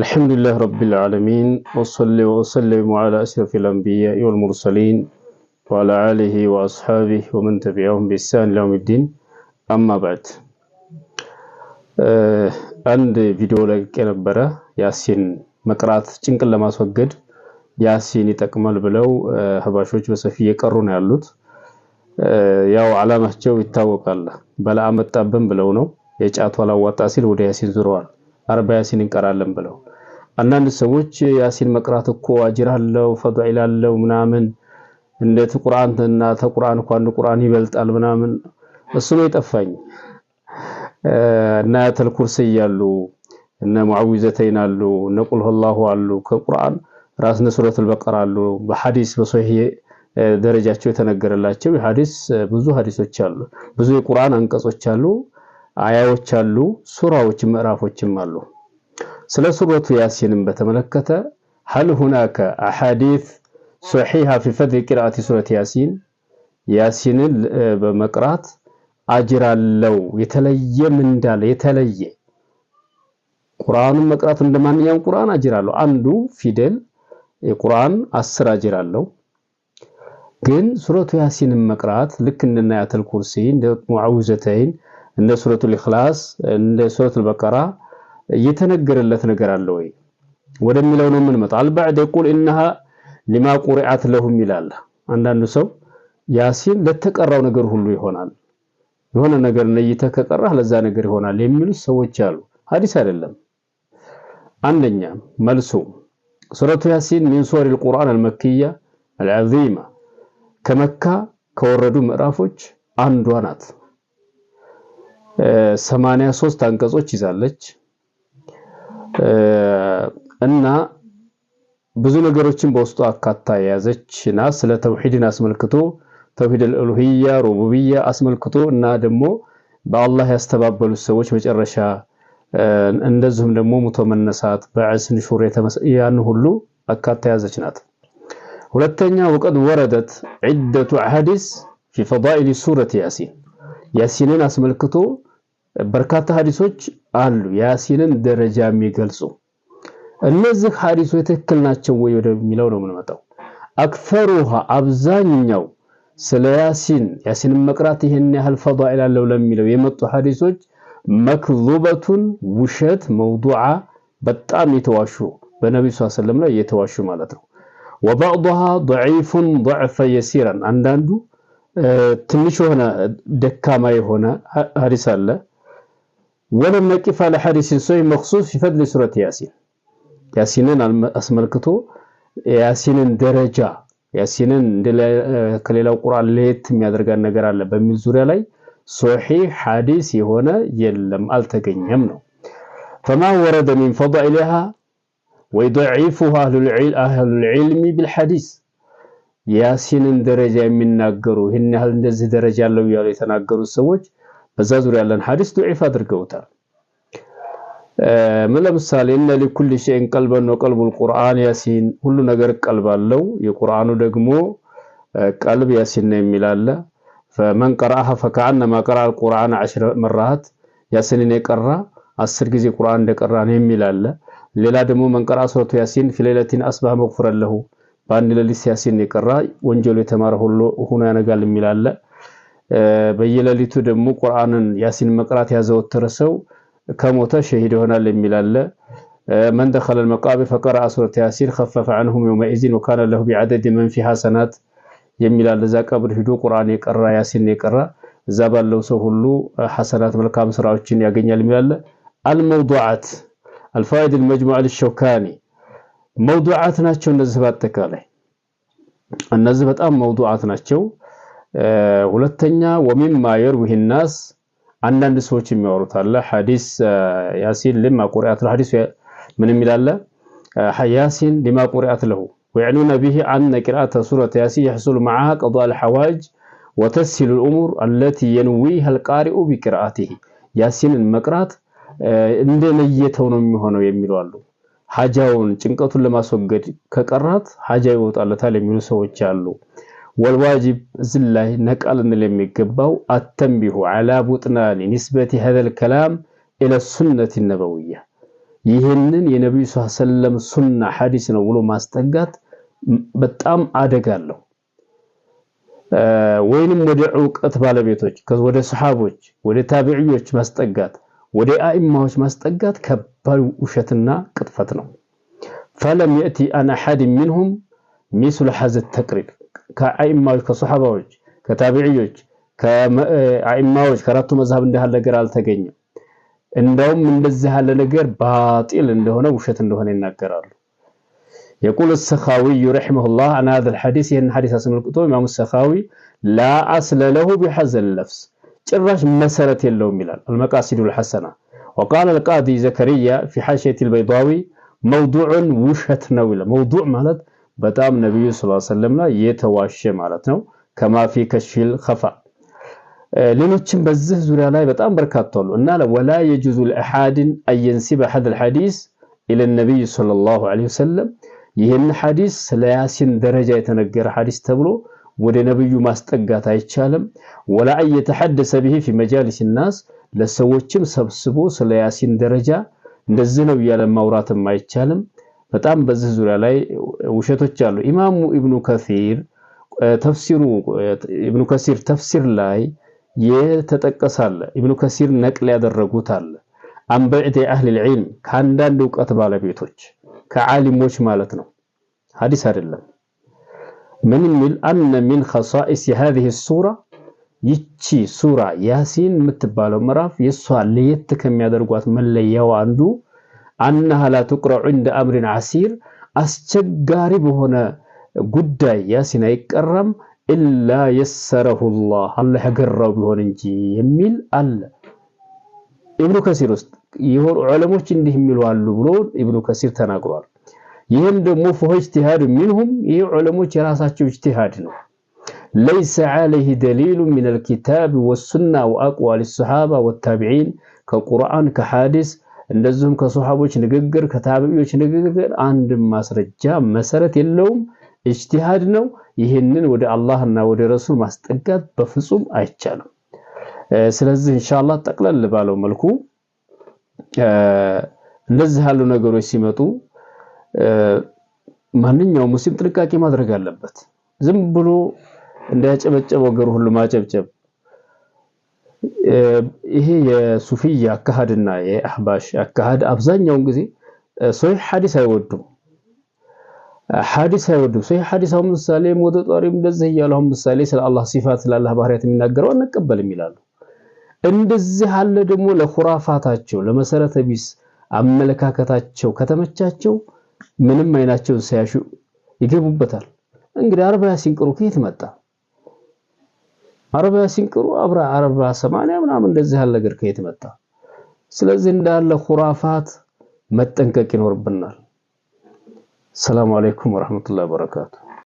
الحمد لله رب العالمين وصلي وسلم على أشرف الأنبياء والمرسلين وعلى آله وأصحابه ومن تبعهم بإحسان إلى يوم الدين أما بعد አንድ ቪዲዮ ለቅቄ ነበረ። ያሲን መቅራት ጭንቅን ለማስወገድ ያሲን ይጠቅማል ብለው eh, ሀባሾች በሰፊ እየቀሩ ነው ያሉት። eh, ያው ዓላማቸው ይታወቃል። በላ መጣብን ብለው ነው የጫቱ አላዋጣ ሲል ወደ ያሲን ዙረዋል። አርባ ያሲን እንቀራለን ብለው አንዳንድ ሰዎች ያሲን መቅራት እኮ አጅር አለው ፈድኢል አለው ምናምን እንደ ቁርአን እና ተቁርአን እንኳን ቁርአን ይበልጣል ምናምን እሱ ነው የጠፋኝ እና አያተል ኩርሲ ያሉ እነ ሙዓዊዘተይን አሉ እነ ቁል ሁላሁ አሉ ከቁርአን ራስ ነ ሱረቱል በቀራ አሉ በሐዲስ በሶሂህ ደረጃቸው የተነገረላቸው የሐዲስ ብዙ ሐዲሶች አሉ ብዙ የቁርአን አንቀጾች አሉ አያዎች አሉ፣ ሱራዎች ምዕራፎችም አሉ። ስለ ሱረቱ ያሲንን በተመለከተ ሀል ሁናከ አሐዲት ሶሒሃ ፊ ፈድሊ ቂርአቲ ሱረት ያሲን ያሲንን በመቅራት አጅር አለው የተለየ ምንዳለ የተለየ ቁርአኑን መቅራት እንደማንኛውም ቁርአን አጅር አለው። አንዱ ፊደል የቁርአን አስር አጅር አለው። ግን ሱረቱ ያሲንን መቅራት ልክ እንደናያተል ኩርሲ እንደ ሙዓውዘተይን እንደ ሱረቱል ኢኽላስ እንደ ሱረቱል በቀራ የተነገረለት ነገር አለ ወይ ወደሚለው ነው የምንመጣ። አልባዕድ የቁል ኢነሃ ሊማ ቁሪአት ለሁም ይላል። አንዳንዱ ሰው ያሲን ለተቀራው ነገር ሁሉ ይሆናል፣ የሆነ ነገር ነይተህ ከቀራህ ለዛ ነገር ይሆናል የሚሉ ሰዎች አሉ። ሐዲስ አይደለም። አንደኛ መልሱ ሱረቱ ያሲን ሚን ሱወሪል ቁርአን አልመክያ አልዓዚማ ከመካ ከወረዱ ምዕራፎች አንዷ ናት። ሰማንያ ሶስት አንቀጾች ይዛለች እና ብዙ ነገሮችን በውስጡ አካታ የያዘች ና ስለ ተውሂድን አስመልክቶ ተውሂድ አልኡሉሂያ ሩቡብያ አስመልክቶ እና ደግሞ በአላህ ያስተባበሉት ሰዎች መጨረሻ እንደዚሁም ደግሞ ሙቶ መነሳት በዕስን ሹር ያን ሁሉ አካታ የያዘች ናት። ሁለተኛ ወቀድ ወረደት ዒደቱ አሐዲስ ፊ ፈዳኢል ሱረት ያሲን ያሲንን አስመልክቶ በርካታ ሀዲሶች አሉ ያሲንን ደረጃ የሚገልጹ። እነዚህ ሀዲሶች ትክክል ናቸው ወይ ወደሚለው ነው የምንመጣው። አክፈሩሃ አብዛኛው ስለ ያሲን ያሲንን መቅራት ይሄን ያህል ፈዳኢል አለው ለሚለው የመጡ ሀዲሶች መክዙበቱን ውሸት መውዱዓ በጣም የተዋሹ በነቢዩ ሰለላሁ ዐለይሂ ላይ የተዋሹ ማለት ነው። ወባዕዱሃ ደዒፉን ደዕፈ የሲራን አንዳንዱ ትንሽ የሆነ ደካማ የሆነ ሀዲስ አለ። ወለም ነቂፍ አለ ሐዲሲን ሶይ መክሱስ ፊፈድሊ ሱረት ያሲን ያሲንን አስመልክቶ ያሲንን ደረጃ ያሲንን ከሌላው ቁርአን ለየት የሚያደርጋን ነገር አለ በሚል ዙሪያ ላይ ሶሒህ ሐዲስ የሆነ የለም አልተገኘም ነው። ፈማ ወረደ ሚን ፈዳኢልሃ ወይደዒፉሃ አህሉል ዒልሚ ቢልሐዲስ ያሲንን ደረጃ የሚናገሩ ይህን ያህል እንደዚህ ደረጃ አለው እያሉ የተናገሩት ሰዎች በዛ ዙሪያ ያለን ሐዲስ ዱዒፍ አድርገውታል። ምን ለምሳሌ እነ ሊኩል ሸይን ቀልበን ወቀልቡል ቁርአን ያሲን፣ ሁሉ ነገር ቀልብ አለው። የቁርአኑ ደግሞ ቀልብ ያሲን ነው የሚላለ ፈመን ቀራአሃ ፈከአነማ ቀራአል ቁርአን ዐሽረ መራሃት ያሲንን የቀራ አስር ጊዜ ቁርአን እንደቀራ ነው የሚላለ። ሌላ ደግሞ መንቀራ ሱረቱ ያሲን ፊሌለቲን አስባህ መግፈረለሁ በአንድ ሌሊት ያሲን የቀራ ወንጀሉ የተማረ ሁሉ ሆኖ ያነጋል የሚላለ በየሌሊቱ ደግሞ ቁርአንን ያሲን መቅራት ያዘወተረ ሰው ከሞተ ሸሂድ ይሆናል የሚል አለ። መን ደኸለ መቃብር ፈቀረአ ሱረተ ያሲን ኸፈፈ ዐንሁም የውመኢዚን ወካነ ለሁ ቢዐደድ መን ፊሃ ሰናት የሚል አለ። እዛ ቀብር ሂዶ ቁርአን የቀራ ያሲን የቀራ እዛ ባለው ሰው ሁሉ ሐሰናት መልካም ስራዎችን ያገኛል የሚል አለ። አልመውዱዓት አልፋዋኢድ አልመጅሙዐ ሊሸውካኒ መውዱዓት ናቸው። እነዚህ በአጠቃላይ እነዚህ በጣም መውዱዓት ናቸው። ሁለተኛ ወሚን ማየር ናስ አንዳንድ ሰዎች የሚያወሩት አለ። ሐዲስ ያሲን ሊማ ቁርአት ለሐዲስ ምን ይላል ያሲን ሊማ ቁርአት ለሁ ወይዕሉነ ቢሂ አነ ቂርአተ ሱረት ያሲን የሕሱሉ መዓሃ ቀዷ አልሐዋጅ ወተስሂሉ ልእሙር አለቲ የንዊሃ አልቃሪኡ ቢቅርአቲሂ ያሲንን መቅራት እንደ ነየተው ነው የሚሆነው የሚሉ አሉ። ሐጃውን ጭንቀቱን ለማስወገድ ከቀራት ሐጃ ይወጣለታል የሚሉ ሰዎች አሉ። ወልዋጅብ እዚህ ላይ ነቃ ልንል የሚገባው አተንቢሁ ዐላ ቡጥናን ኒስበት ሀዘል ከላም ኢለ ሱነት ነበውያ ይህንን የነቢዩ ሰለም ሱና ሐዲስ ነው ብሎ ማስጠጋት በጣም አደጋ አለው። ወይንም ወደ ዕውቀት ባለቤቶች ወደ ሰሓቦች፣ ወደ ታቢዕዮች ማስጠጋት፣ ወደ አኢማዎች ማስጠጋት ከባድ ውሸትና ቅጥፈት ነው። ፈለም የእቲ አን አሐድ ሚንሁም ሚስሉ ሐዘ ተቅሪር ከአይማዎች ከሶሐባዎች ከታቢዕዮች ከአይማዎች ከአራቱ መዝሀብ እንዳህል ነገር አልተገኘም። እንደውም እንደዚህ ያለ ነገር ባጢል እንደሆነ ውሸት እንደሆነ ይናገራሉ። የቁል ሰኻዊ ረሒመሁላህ አን ሀዘል ሐዲስ ይህን ሐዲስ አስመልክቶ ኢማሙ ሰኻዊ ላ አስለ ለሁ ቢሐዘል ለፍስ ጭራሽ መሰረት የለውም ይላል። አልመቃሲዱ ልሐሰና ወቃል አልቃዲ ዘከሪያ ፊ ሓሽየት ልበይዳዊ መውዱዕን ውሸት ነው ይላል። መውዱዕ ማለት በጣም ነቢዩ ሰለላሁ ዐለይሂ ላይ የተዋሸ ማለት ነው። ከማፊ ከሽል ኸፋ ሌሎችም በዚህ ዙሪያ ላይ በጣም በርካታ አሉ እና ወላ የጁዙ ለአሐድን አየንሲበ ሀደል ሐዲስ ኢለ ነቢይ ሰለላሁ ዐለይሂ ወሰለም ይህን ሐዲስ ስለ ያሲን ደረጃ የተነገረ ሐዲስ ተብሎ ወደ ነብዩ ማስጠጋት አይቻልም። ወላ እየተሐደሰ ብሂ ፊ መጃሊስ ናስ ለሰዎችም ሰብስቦ ስለ ያሲን ደረጃ እንደዚህ ነው እያለ ማውራትም አይቻልም። በጣም በዚህ ዙሪያ ላይ ውሸቶች አሉ። ኢማሙ ኢብኑ ከሲር ተፍሲሩ ኢብኑ ከሲር ተፍሲር ላይ የተጠቀሰ አለ። ኢብኑ ከሲር ነቅል ያደረጉት አለ። አንበዕት የአህል ልዕልም ከአንዳንድ እውቀት ባለቤቶች ከዓሊሞች ማለት ነው። ሀዲስ አይደለም። ምን ሚል አነ ሚን ከሳኢስ የሃዚህ ሱራ ይቺ ሱራ ያሲን የምትባለው ምዕራፍ የእሷ ለየት ከሚያደርጓት መለያው አንዱ أنها لا تقرأ عند أمر عسير أستجاري هنا قد ياسنا يكرم إلا يسره الله الله يقرب هنا يميل الله ابن كثير يهور علموች እንዲህ የሚሉ አሉ ብሎ ኢብኑ ከሲር ተናግሯል። ይህም فهو اجتهاد منهم ይህ ዑለሞች የራሳቸው اجتهاد ليس عليه دليل من الكتاب والسنة وأقوال الصحابة والتابعين كقرآن كحادث እንደዚሁም ከሶሐቦች ንግግር ከታቢዎች ንግግር አንድም ማስረጃ መሰረት የለውም፣ ኢጅቲሃድ ነው። ይህንን ወደ አላህና ወደ ረሱል ማስጠጋት በፍጹም አይቻልም። ስለዚህ ኢንሻአላህ ጠቅለል ባለው መልኩ እንደዚህ ያሉ ነገሮች ሲመጡ ማንኛውም ሙስሊም ጥንቃቄ ማድረግ አለበት። ዝም ብሎ እንዳያጨበጨበ ወገሩ ሁሉ ማጨብጨብ ይሄ የሱፊያ አካሃድና የአህባሽ አካሃድ አብዛኛውን ጊዜ ሶይ ሐዲስ አይወዱም። ሐዲስ አይወዱም። ሶይ ሐዲስ አሁን ምሳሌ ሞተ ጧሪም እንደዚህ እያሉ አሁን ምሳሌ ስለ አላህ ሲፋት ስለ አላህ ባህሪያት የሚናገረው አንቀበልም ይላሉ። እንደዚህ አለ ደግሞ ለኹራፋታቸው ለመሰረተ ቢስ አመለካከታቸው ከተመቻቸው ምንም አይናቸውን ሳያሹ ይገቡበታል። እንግዲህ አርባ ሲንቅሩ ከየት መጣ? አርባ ሲንቅሩ አብራ አርባ ሰማንያ ምናምን እንደዚህ ያለ ነገር ከየት መጣ? ስለዚህ እንዳለ ሁራፋት መጠንቀቅ ይኖርብናል። ሰላም አለይኩም ወራህመቱላሂ ወበረካቱ።